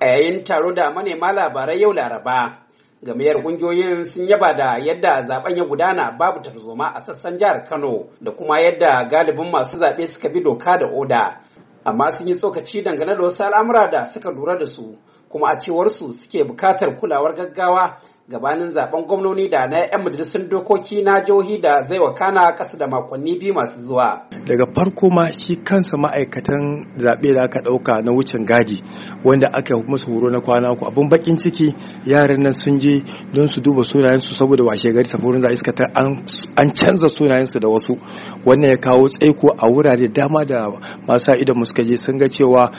a yayin taro da manema labarai yau laraba gamayar kungiyoyin sun yaba da yadda zaben ya gudana babu tarzoma a sassan jihar kano da kuma yadda galibin masu zaɓe suka bi doka da oda amma sun yi tsokaci dangane da wasu al'amura da suka lura da su kuma a cewarsu suke bukatar kulawar gaggawa gabanin zaben gwamnoni da na 'yan majalisun dokoki na jihohi da zai wakana kasa da makonni biyu masu zuwa. Daga farko ma shi kansa ma'aikatan zaɓe da aka ɗauka na wucin gadi wanda aka yi musu horo na kwana uku abin bakin ciki yaran nan sun je don su duba sunayensu saboda washe gari safarin za iska an canza sunayensu da wasu wannan ya kawo tsaiko a wurare dama da masu idan suka je sun ga cewa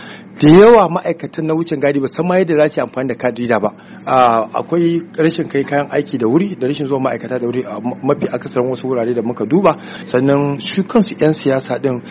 da yawa ma'aikatan na wucin gadi ba san ma yadda za su amfani da kadida ba ah, akwai rashin rashin kai kayan aiki da wuri da rashin zuwa ma'aikata da wuri a mafi akasarin wasu wurare da muka duba sannan su kansu 'yan siyasa din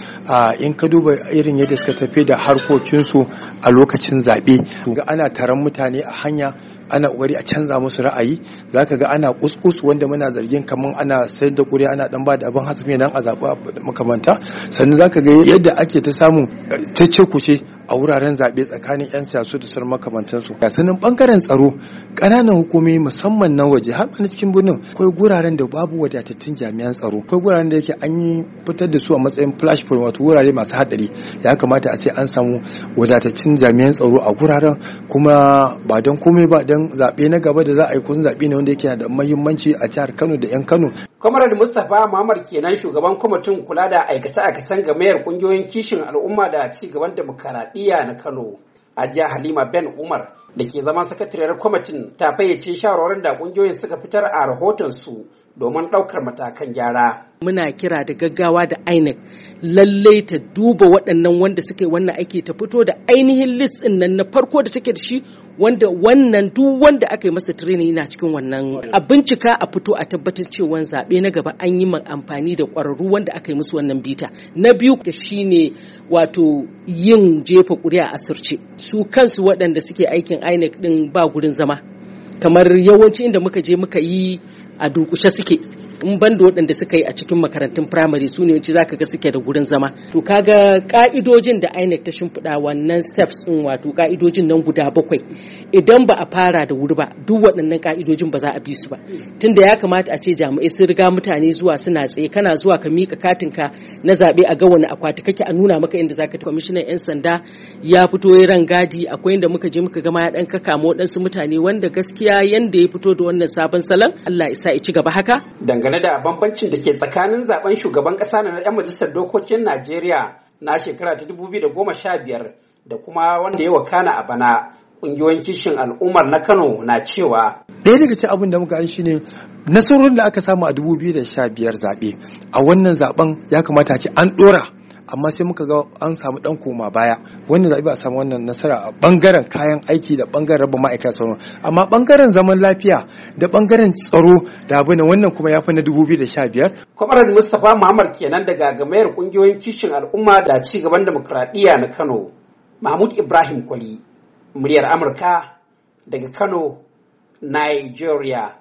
in ka duba irin yadda suka tafi da harkokinsu a lokacin zaɓe ga ana taron mutane a hanya ana kokari a canza musu ra'ayi zaka ga ana kuskus wanda muna zargin kaman ana sayar da ƙuri ana dan ba da abin hasafi nan a zaba makamanta sannan zaka ga yadda ake ta samun ku eh, kuce a wuraren zaɓe tsakanin 'yan siyasu da sauran makamantansu sanin ɓangaren tsaro ƙananan hukumi musamman na waje har na cikin birnin akwai guraren da babu wadatattun jami'an tsaro akwai guraren da yake an yi fitar da su a matsayin flash point wato wurare masu haɗari ya kamata a ce an samu wadatattun jami'an tsaro a guraren kuma ba don komai ba wajen zaɓe na gaba da za a yi kun zaɓe ne wanda yake da mahimmanci a jihar Kano da 'yan Kano. Kwamarar Mustapha Muhammad kenan shugaban kwamitin kula da aikace-aikacen gamayar kungiyoyin kishin al'umma da ci gaban na Kano. Ajiya Halima Ben Umar da ke zaman sakatariyar kwamitin ta fayyace shawarwarin da kungiyoyin suka fitar a rahoton su domin ɗaukar matakan gyara. Muna kira da gaggawa da INEC lallai ta duba waɗannan wanda suka wannan aiki ta fito da ainihin list ɗin nan na farko da take da shi wanda wannan duk wanda aka yi masa training yana cikin wannan a bincika a fito a tabbatar cewa zaɓe na gaba an yi amfani da ƙwararru wanda aka yi musu wannan bita. Na biyu shi da ne wato yin jefa ƙuri'a asirce su kansu waɗanda suke aikin INEC ɗin ba gurin zama. kamar yawanci inda muka je muka yi a durkushe suke in ban da waɗanda suka yi a cikin makarantun firamare su ne za ka ga suke da gurin zama to kaga ka'idojin da INEC ta shimfiɗa wannan steps din wato ka'idojin nan guda bakwai idan ba a fara da wuri ba duk waɗannan ka'idojin ba za a bi su ba tunda ya kamata a ce jami'ai sun riga mutane zuwa suna tsaye kana zuwa ka mika katinka na zaɓe a ga wani akwati kake a nuna maka inda ka tafi kwamishinan 'yan sanda ya fito ya gadi akwai inda muka je muka gama ya kaka kakama waɗansu mutane wanda gaskiya yanda ya fito da wannan sabon salon Allah ya sa ya ci gaba haka dangane da bambancin da ke tsakanin zaben shugaban kasa na 'yan majalisar dokokin Najeriya na shekara ta 2015 da kuma wanda ya wakana a bana ƙungiyoyin kishin al'ummar na Kano na cewa. Ɗaya daga ce abin da muka an shine nasarorin da aka samu a 2015 zaɓe a wannan zaben ya kamata a ce an ɗora amma sai muka ga an samu dan koma baya wanda da a samu wannan nasara a ɓangaren kayan aiki da bangaren raba ma'aikata tsaro amma bangaren zaman lafiya da bangaren tsaro da abu wannan kuma ya fi na 2015 kwamarar mustapha muhammad kenan daga gamayar kungiyoyin kishin al'umma da ci gaban demokradiyya na kano mahmud ibrahim kwali muryar amurka daga kano nigeria